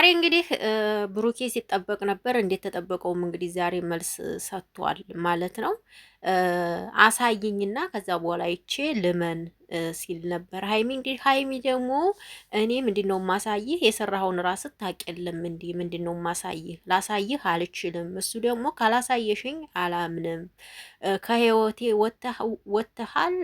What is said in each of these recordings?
ዛሬ እንግዲህ ብሩኬ ሲጠበቅ ነበር። እንዴት ተጠበቀውም እንግዲህ ዛሬ መልስ ሰጥቷል ማለት ነው። አሳይኝና ከዛ በኋላ ይቼ ልመን ሲል ነበር። ሀይሚ እንግዲህ ሀይሚ ደግሞ እኔ ምንድን ነው ማሳይህ የሰራኸውን ራስ ታቅልም እንዲ ምንድን ነው ማሳይህ ላሳይህ አልችልም። እሱ ደግሞ ካላሳየሽኝ አላምንም። ከህይወቴ ወጥተሃል፣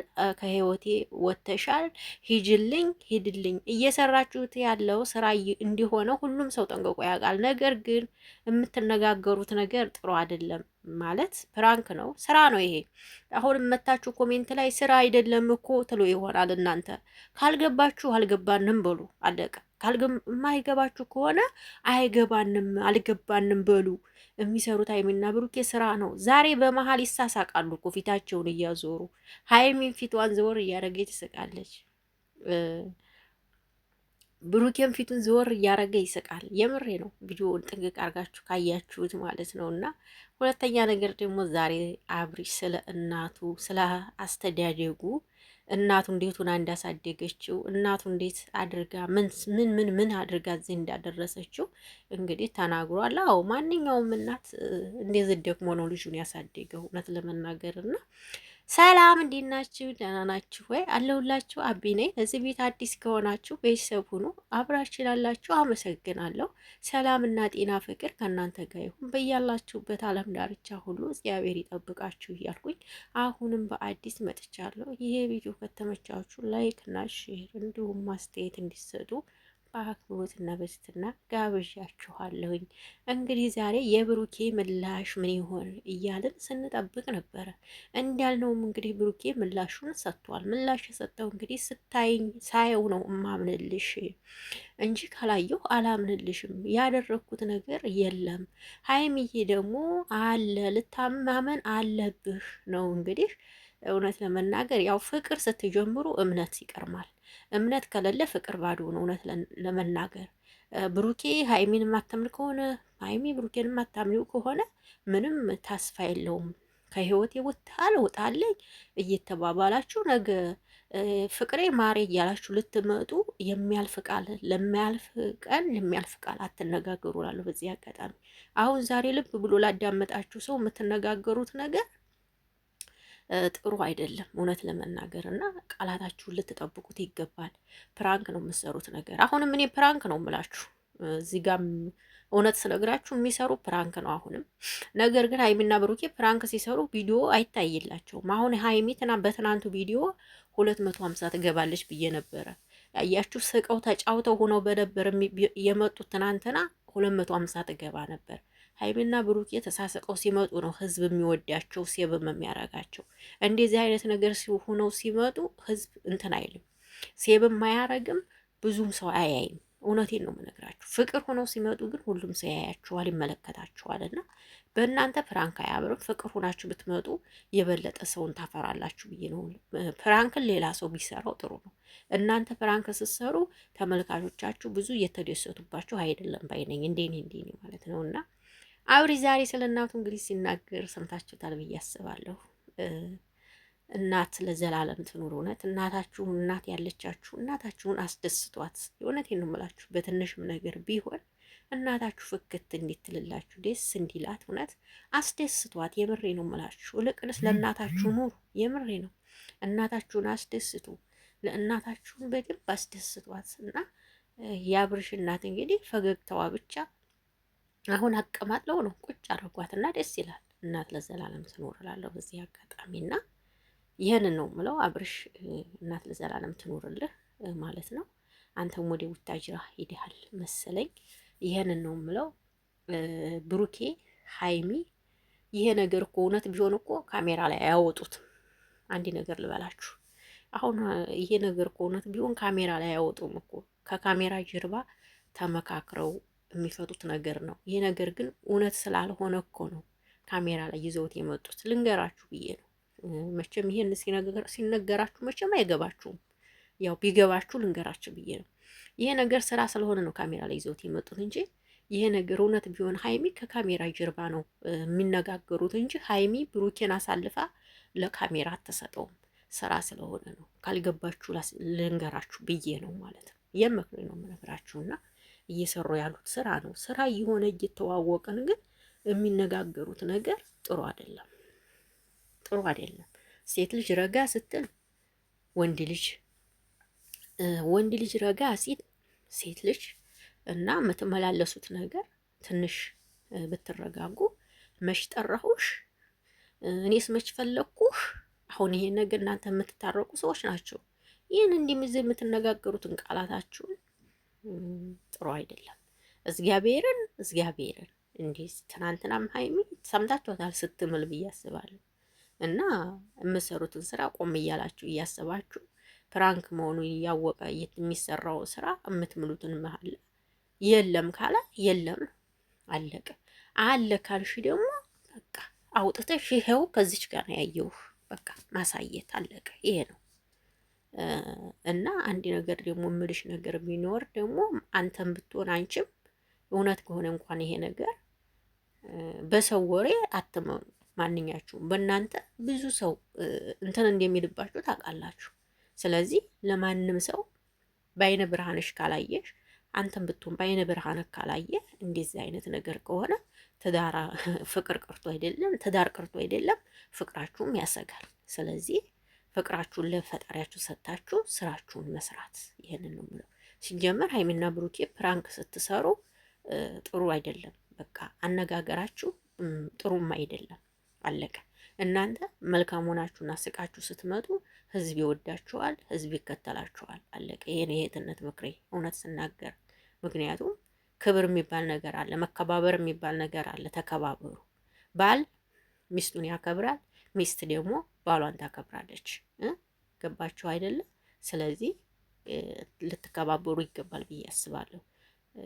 ከህይወቴ ወጥተሻል፣ ሂጅልኝ፣ ሂድልኝ። እየሰራችሁት ያለው ስራ እንዲሆነ ሁሉም ሰው ጠንቅቆ ያውቃል። ነገር ግን የምትነጋገሩት ነገር ጥሩ አይደለም። ማለት ፕራንክ ነው፣ ስራ ነው ይሄ። አሁን መታችሁ ኮሜንት ላይ ስራ አይደለም እኮ ትሎ ይሆናል። እናንተ ካልገባችሁ አልገባንም በሉ አለቀ። ማይገባችሁ ከሆነ አይገባንም፣ አልገባንም በሉ። የሚሰሩት ሀይሚና ብሩኬ ስራ ነው። ዛሬ በመሀል ይሳሳቃሉ እኮ ፊታቸውን እያዞሩ ሀይሚን ፊቷን ዘወር እያደረገ ትስቃለች። ብሩኬን ፊቱን ዘወር እያደረገ ይስቃል። የምሬ ነው። ቪዲዮውን ጥንቅቅ አርጋችሁ ካያችሁት ማለት ነው። እና ሁለተኛ ነገር ደግሞ ዛሬ አብርሽ ስለ እናቱ ስለ አስተዳደጉ እናቱ እንዴት ሆና እንዳሳደገችው እናቱ እንዴት አድርጋ ምን ምን ምን አድርጋ እዚህ እንዳደረሰችው እንግዲህ ተናግሯል። አዎ ማንኛውም እናት እንደዚህ ደክሞ ነው ልጁን ያሳደገው እውነት ለመናገር እና ሰላም እንዴት ናችሁ? ደህና ናችሁ ወይ? አለሁላችሁ። አቢ ነኝ። እዚህ ቤት አዲስ ከሆናችሁ ቤተሰብ ሁኑ። አብራችሁ ላላችሁ አመሰግናለሁ። ሰላምና ጤና፣ ፍቅር ከእናንተ ጋር ይሁን። በያላችሁበት ዓለም ዳርቻ ሁሉ እግዚአብሔር ይጠብቃችሁ እያልኩኝ አሁንም በአዲስ መጥቻለሁ። ይሄ ቪዲዮ ከተመቻችሁ ላይክ እና ሼር እንዲሁም ማስተያየት እንዲሰጡ በአክብሮትና በትህትና ጋብዣችኋለሁኝ። እንግዲህ ዛሬ የብሩኬ ምላሽ ምን ይሆን እያልን ስንጠብቅ ነበረ። እንዳልነውም እንግዲህ ብሩኬ ምላሹን ሰጥቷል። ምላሽ የሰጠው እንግዲህ ስታይኝ ሳየው ነው እማምንልሽ እንጂ ካላየሁ አላምንልሽም። ያደረግኩት ነገር የለም። ሀይምዬ ደግሞ አለ ልታማመን አለብህ ነው እንግዲህ እውነት ለመናገር ያው ፍቅር ስትጀምሩ እምነት ይቀርማል። እምነት ከሌለ ፍቅር ባዶ ነው። እውነት ለመናገር ብሩኬ ሀይሚን የማታምል ከሆነ ሀይሚ ብሩኬን የማታምሊው ከሆነ ምንም ተስፋ የለውም። ከህይወቴ ውታል ወጣለኝ እየተባባላችሁ ነገ ፍቅሬ ማሬ እያላችሁ ልትመጡ የሚያልፍ ቃል ለሚያልፍ ቀን ቃል አትነጋገሩ እላለሁ። በዚህ አጋጣሚ አሁን ዛሬ ልብ ብሎ ላዳመጣችሁ ሰው የምትነጋገሩት ነገር ጥሩ አይደለም እውነት ለመናገር እና ቃላታችሁን ልትጠብቁት ይገባል። ፕራንክ ነው የምትሰሩት ነገር። አሁንም እኔ ፕራንክ ነው የምላችሁ እዚህ ጋር እውነት ስነግራችሁ የሚሰሩ ፕራንክ ነው አሁንም። ነገር ግን ሀይሚና ብሩኬ ፕራንክ ሲሰሩ ቪዲዮ አይታይላቸውም። አሁን ሀይሚ በትናንቱ ቪዲዮ ሁለት መቶ ሀምሳ ትገባለች ብዬ ነበረ። ያያችሁ ስቀው ተጫውተው ሆነው በነበር የመጡት ትናንትና ሁለት መቶ ሀምሳ ትገባ ነበር። ሀይሚና ብሩክ የተሳሰቀው ሲመጡ ነው ህዝብ የሚወዳቸው ሴብም የሚያረጋቸው። እንደዚህ አይነት ነገር ሆነው ሲመጡ ህዝብ እንትን አይልም፣ ሴብም አያረግም፣ ብዙም ሰው አያይም። እውነቴን ነው የምነግራችሁ። ፍቅር ሆነው ሲመጡ ግን ሁሉም ሰው ያያችኋል፣ ይመለከታችኋል። እና በእናንተ ፕራንክ አያምርም። ፍቅር ሆናችሁ ብትመጡ የበለጠ ሰውን ታፈራላችሁ ብዬ ነው። ፕራንክን ሌላ ሰው ቢሰራው ጥሩ ነው። እናንተ ፕራንክ ስትሰሩ ተመልካቾቻችሁ ብዙ እየተደሰቱባችሁ አይደለም ባይነኝ፣ እንዴኔ እንዴኔ ማለት ነው እና አብሪ ዛሬ ስለ እናቱ እንግዲህ ሲናገር ሰምታችሁታል ብዬ አስባለሁ። እናት ለዘላለም ትኑር። እውነት እናታችሁን እናት ያለቻችሁ እናታችሁን አስደስቷት። የእውነቴን የንምላችሁ በትንሽም ነገር ቢሆን እናታችሁ ፍክት እንዲትልላችሁ ደስ እንዲላት እውነት አስደስቷት። የምሬ ነው ምላችሁ። ልቅንስ ለእናታችሁ ኑሩ። የምሬ ነው። እናታችሁን አስደስቱ። ለእናታችሁን በደንብ አስደስቷት እና የአብርሽ እናት እንግዲህ ፈገግታዋ ብቻ አሁን አቀማጥለው ነው ቁጭ አድርጓትና ደስ ይላል። እናት ለዘላለም ትኖር እላለሁ በዚህ አጋጣሚና ይህን ነው ምለው። አብርሽ እናት ለዘላለም ትኖርልህ ማለት ነው። አንተም ወደ ውታጅራ ሄደሃል መሰለኝ። ይህንን ነው ምለው። ብሩኬ ሀይሚ፣ ይሄ ነገር እኮ እውነት ቢሆን እኮ ካሜራ ላይ አያወጡትም። አንድ ነገር ልበላችሁ፣ አሁን ይሄ ነገር እኮ እውነት ቢሆን ካሜራ ላይ አያወጡም እኮ ከካሜራ ጀርባ ተመካክረው የሚፈጡት ነገር ነው። ይህ ነገር ግን እውነት ስላልሆነ እኮ ነው ካሜራ ላይ ይዘውት የመጡት ልንገራችሁ ብዬ ነው። መቼም ይሄን ሲነገራችሁ መቼም አይገባችሁም። ያው ቢገባችሁ ልንገራችሁ ብዬ ነው። ይሄ ነገር ስራ ስለሆነ ነው ካሜራ ላይ ይዘውት የመጡት እንጂ ይሄ ነገር እውነት ቢሆን ሀይሚ ከካሜራ ጀርባ ነው የሚነጋገሩት እንጂ ሀይሚ ብሩኬን አሳልፋ ለካሜራ አትሰጠውም። ስራ ስለሆነ ነው። ካልገባችሁ ልንገራችሁ ብዬ ነው ማለት ነው። የምክሬ ነው የምነግራችሁና እየሰሩ ያሉት ስራ ነው። ስራ እየሆነ እየተዋወቅን ግን የሚነጋገሩት ነገር ጥሩ አይደለም፣ ጥሩ አይደለም። ሴት ልጅ ረጋ ስትል ወንድ ልጅ ወንድ ልጅ ረጋ ሲል ሴት ልጅ እና የምትመላለሱት ነገር ትንሽ ብትረጋጉ መች ጠራሁሽ፣ እኔስ መች ፈለግኩህ። አሁን ይሄን ነገር እናንተ የምትታረቁ ሰዎች ናቸው። ይህን እንዲህ የምትነጋገሩትን ቃላታችሁን ጥሩ አይደለም። እግዚአብሔርን እግዚአብሔርን እንዲህ ትናንትናም ሀይሚ ሰምታችኋታል ስትምል ብዬ አስባለሁ። እና የምሰሩትን ስራ ቆም እያላችሁ እያሰባችሁ ፕራንክ መሆኑን እያወቀ የሚሰራው ስራ የምትምሉትን መሀል የለም ካለ የለም አለቀ። አለ ካልሽ ደግሞ በቃ አውጥተሽ ይኸው ከዚች ጋር ያየው በቃ ማሳየት አለቀ። ይሄ ነው። እና አንድ ነገር ደግሞ ምልሽ ነገር ቢኖር ደግሞ አንተም ብትሆን አንቺም እውነት ከሆነ እንኳን ይሄ ነገር በሰው ወሬ አትመኑ። ማንኛችሁም በእናንተ ብዙ ሰው እንትን እንደሚልባችሁ ታውቃላችሁ። ስለዚህ ለማንም ሰው በአይነ ብርሃንሽ ካላየሽ አንተም ብትሆን በአይነ ብርሃን ካላየ እንደዚህ አይነት ነገር ከሆነ ትዳር ፍቅር ቅርቶ አይደለም ትዳር ቅርቶ አይደለም ፍቅራችሁም ያሰጋል። ስለዚህ ፍቅራችሁን ለፈጣሪያችሁ ሰጥታችሁ ስራችሁን መስራት ይህንን ነው የምለው። ሲጀመር ሀይሚና ብሩኬ ፕራንክ ስትሰሩ ጥሩ አይደለም። በቃ አነጋገራችሁ ጥሩም አይደለም። አለቀ። እናንተ መልካም ሆናችሁና ስቃችሁ ስትመጡ ህዝብ ይወዳችኋል፣ ህዝብ ይከተላችኋል። አለቀ። ይሄን የእህትነት ምክሬ እውነት ስናገር፣ ምክንያቱም ክብር የሚባል ነገር አለ፣ መከባበር የሚባል ነገር አለ። ተከባበሩ። ባል ሚስቱን ያከብራል፣ ሚስት ደግሞ ባሏን ታከብራለች። ገባችሁ አይደለም? ስለዚህ ልትከባበሩ ይገባል ብዬ አስባለሁ።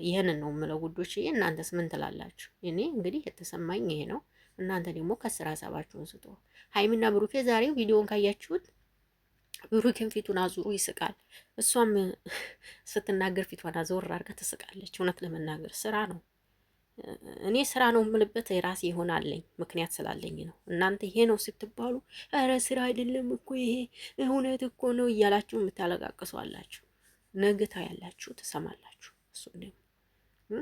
ይህንን ነው የምለው ውዶችዬ። እናንተስ ምን ትላላችሁ? እኔ እንግዲህ የተሰማኝ ይሄ ነው። እናንተ ደግሞ ከስራ ሀሳባችሁን ስጡ። ሀይሚና ብሩኬ ዛሬው ቪዲዮን ካያችሁት ብሩኬን ፊቱን አዙሮ ይስቃል። እሷም ስትናገር ፊቷን አዞር አድርጋ ትስቃለች። እውነት ለመናገር ስራ ነው እኔ ስራ ነው የምልበት የራሴ ይሆናልኝ ምክንያት ስላለኝ ነው። እናንተ ይሄ ነው ስትባሉ ኧረ ስራ አይደለም እኮ ይሄ እውነት እኮ ነው እያላችሁ የምታለቃቅሱ አላችሁ። ነግታ ያላችሁ ትሰማላችሁ። እሱ ደግሞ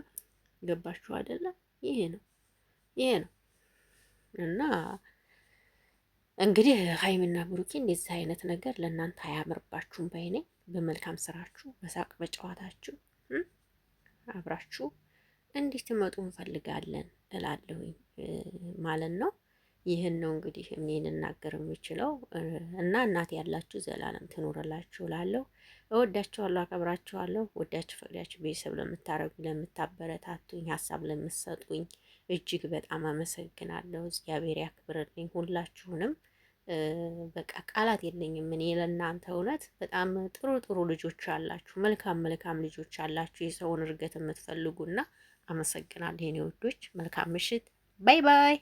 ገባችሁ አይደለም? ይሄ ነው ይሄ ነው እና እንግዲህ ሀይሚና ብሩኬ እንደዚህ አይነት ነገር ለእናንተ አያምርባችሁም። ባይኔ በመልካም ስራችሁ፣ በሳቅ በጨዋታችሁ አብራችሁ እንዲትመጡ እንፈልጋለን እላለሁኝ ማለት ነው። ይህን ነው እንግዲህ እኔ ልናገር የምችለው እና እናት ያላችሁ ዘላለም ትኖርላችሁ እላለሁ። እወዳችኋለሁ፣ አከብራችኋለሁ። ወዳችሁ ፈቅዳችሁ ቤተሰብ ለምታረጉ፣ ለምታበረታቱኝ፣ ሀሳብ ለምትሰጡኝ እጅግ በጣም አመሰግናለሁ። እግዚአብሔር ያክብርልኝ ሁላችሁንም። በቃ ቃላት የለኝም እኔ ለእናንተ እውነት በጣም ጥሩ ጥሩ ልጆች አላችሁ፣ መልካም መልካም ልጆች አላችሁ፣ የሰውን እርገት የምትፈልጉና አመሰግናለሁ የኔ ውዶች። መልካም ምሽት። ባይ ባይ።